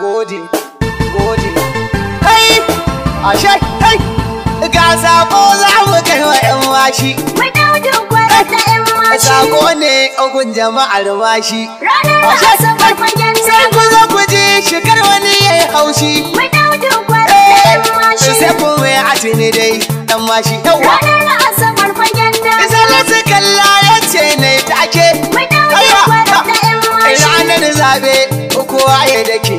gode gode kai ashe kai ga sako za mu kai wa yan washi Sako ne ogun jama'ar washi. Ranar asabar fagen Sai ku zo ku ji shigar wani haushi. Mai daudin gwada da yan eh, washi. Sai ku mai atini dai fagen ce Mai yan washi. Ranar zabe kowa ya dake.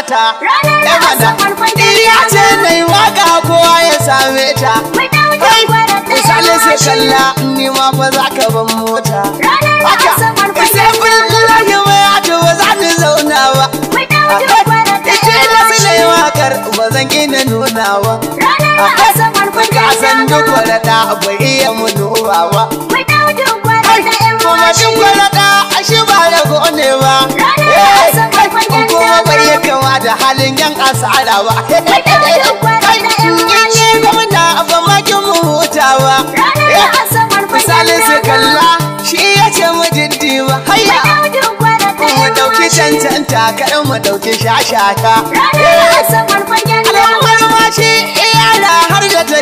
bata Ranar ce na yi waka kowa ya same ta Misali sai kalla ni ma ba za ka ban mota Haka isa bin mai ato ba za ni zauna ba Ice na fi na ba zan gina nuna ba ka san duk wani da bai iya mu duba ba. Kuma shin wani da eh, da bai yi kama da halin yan asara ba. Yanyi kuma na mu hutawa. Eh, misali su kalla shi ya ce mu jiddi Haya. Mu ɗauki cancanta kaɗan mu ɗauki shashata. Ranar asabar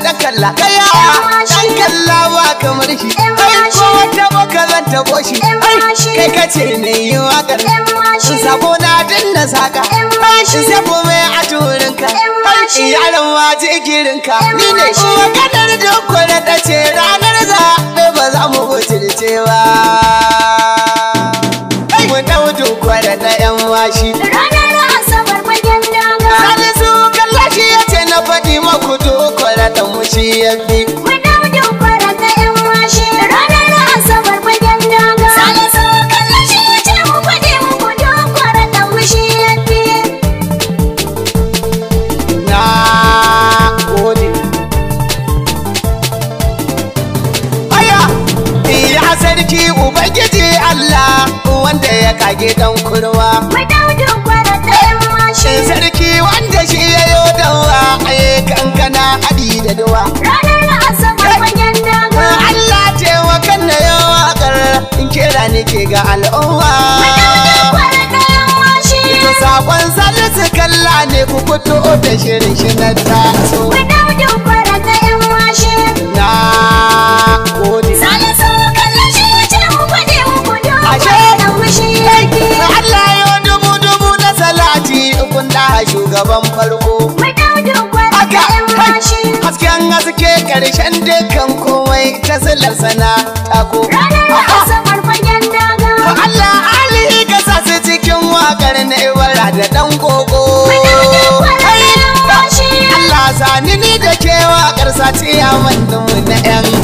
da kalla kaya dan kalla kamar shi kai ko wata boka zan tabo shi kai kace ne yi wa wakar sabo na dinna saka ko mai a wa ji girin ka ni ne shi wa kadar dukkan ta ce ranar zaɓe ba za mu mutunce ba shi washe ranar asabar fagen kallon shi ce mu da mu shi yafi iya sarki ubangiji allah wanda ya kage dan kurwa madaudu kwara da yan washe yalwa ranar asabar fagen daga Allah taimakan na yawa kar in kera ke ga al'umma Ito sakon salisu kalla ne ku fito da shirin shi na taso. Wadaudin kwara ta yan washe. Na gode. Salisu kalla shi ce mu gwade muku doka. Ashe. Da mushi yake. Allah yau dubu dubu na salati ukun da shugaban farko. ta silar sana ako. Ranar fagen daga. Allah ka su cikin wakar na da dan koko. Allah sani ni da ke wakar sa ciyawan na 'yan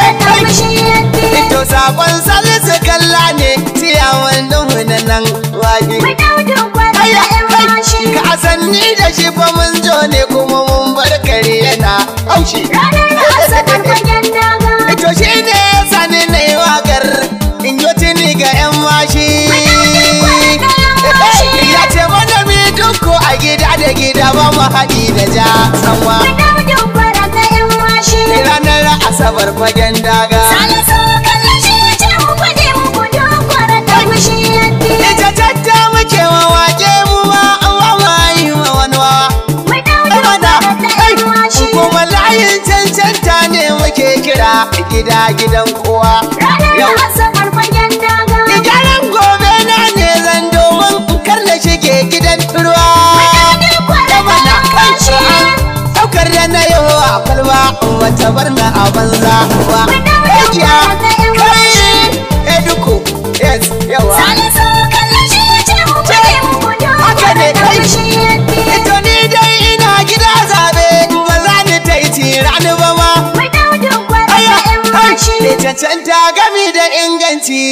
Sanni da shi fa mun zo ne kuma mun bar kare yana haushi ranar asabar fagen daga eh, to shi ne sani na yi wakar in ga yan mashi ya ce mana mi a gida da gida ba haɗi da ja sanwa ranar asabar fagen daga ke kira gida gidan kowa. Ranar asabar fagen daga. Gyaran gobe na ne zan domin kar na shige gidan turwa. Dama na kan tsohon saukar da na yau a kalwa wata barna a banza. Ragiya. da cancanta gami da inganci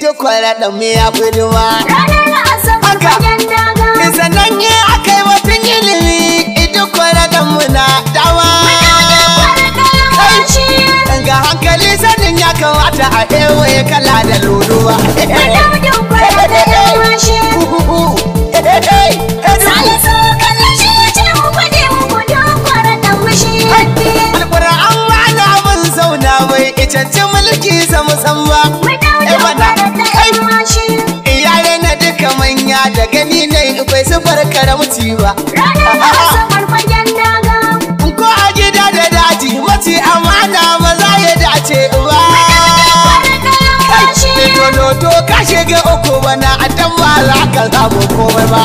duk kwaraɗin mu ya fi duwa. Ranar asabar fagen daga. Sannan yi aka yi mutum ilimi duk kwaraɗin mu na dawa. Ga hankali sanin ya kamata a ewaye kala da luluwa. Madaukin kwaraɗin ya washe. cancanci mulki sa musamman Iyaye na duka manya da gani na yi sufar karamci ba ko a gida da daji mace amana ba za ya dace ba Dodo ka shiga uku bana a dan ba za ka ba.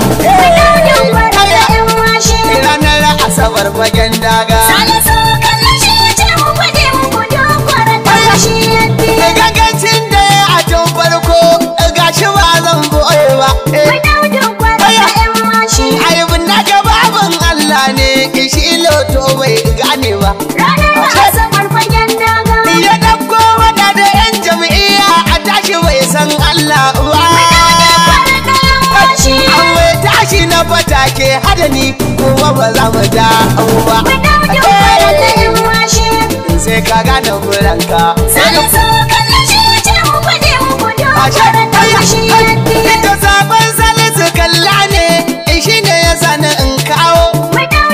Ranar asabar fagen daga ya hada ni kuma ba za mu da abu ba washe. sai ka gane buranka Sani so kallon shi ya ce mu gode mu gudu a shaɗa ta shi yadda zaɓen salisu kalla ne shi ne ya sani in kawo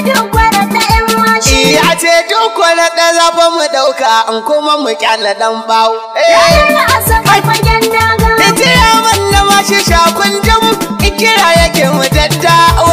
ya ce duk wani ɗan zafin mu ɗauka in kuma mu kyale ɗan bawo. Yaya eh! a saka fagen daga. Ita ya manna ma shi shakun jam ikira yake mu daddawa.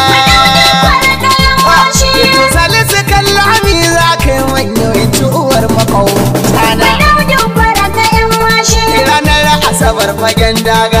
makau tana. Mai daudin fara ta washe. Ranar Asabar fagen daga.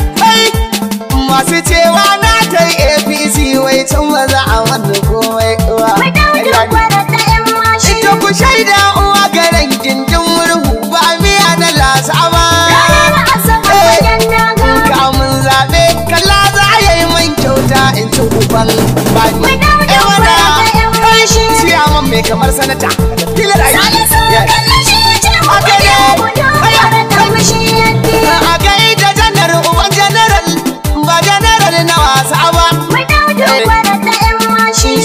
ne kamar sanata filar aiki a gai da janar uban janaral ba janaral eh.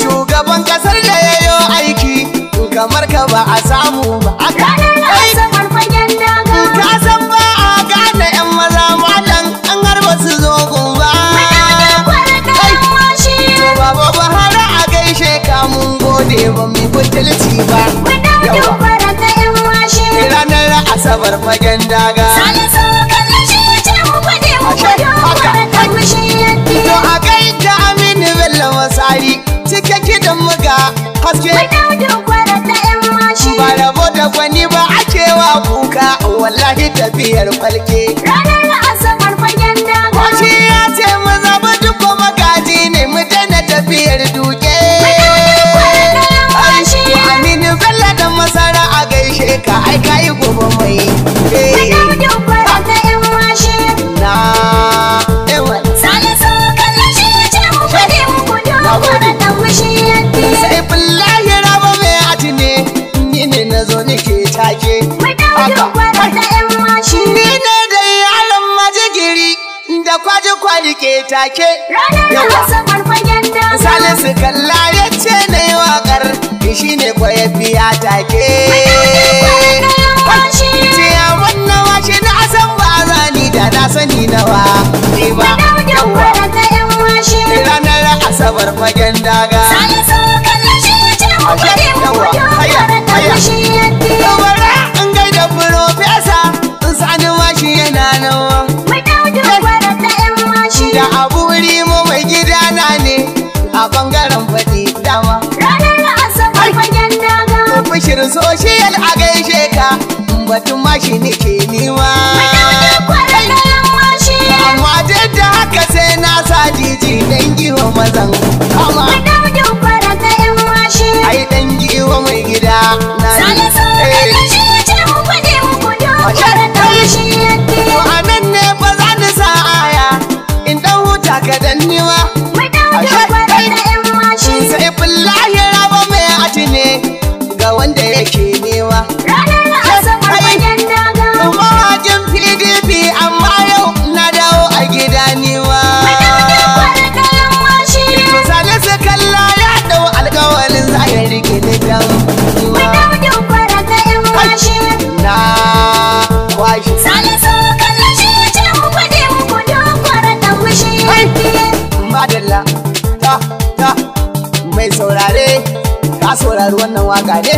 shugaban kasar da ya aiki kamar ka ba a samu ba ba a gane yan maza malan an harba su zo gumba Baba Buhari a gaishe kamun gobe ba mu ba wanda wajen fara ta yan washe ranar asabar fagen daga kallon shi ya to a kai da bello masari cike kidan muga haske wanda wajen fara ta yan washe ba da gwani ba ake wa kuka wallahi tafiyar falke ranar rike take ranar asabar fagen dama salisu kalla ya ce na yi waƙar ki shi ne kwaya biya take ce ya wannan washe na asan ba zani da na sani nawa ni ba ranar asabar fagen daga da aburi mu mai gida na ne a bangaren fadi dama ranar asabar fagen daga bishir social a gaishe ka batun mashi nake nima amma duk haka sai na sa ne da shi ce mu faɗi mu gudu waka ne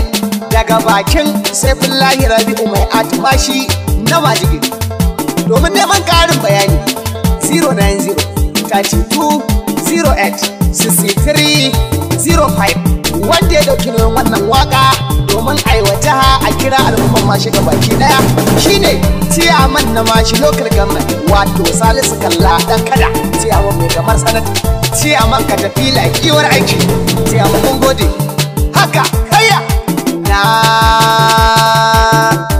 daga bakin saifullahi rabi'u mai atubashi na majigiri domin neman karin bayani 090 32 08 63 05 wanda ya dauki nuna wannan waka domin aiwata a kira al'umman mashi gabaki daya shine ciyaman na mashi lokal government wato salisu kalla dan kada ciyaman mai kamar sanata ciyaman ka tafi lafiwar aiki ciyaman gode haka na